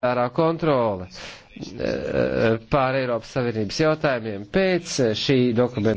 parlamentārā kontrole eh, eh, pār Eiropas Savienības jautājumiem pēc šī dokumenta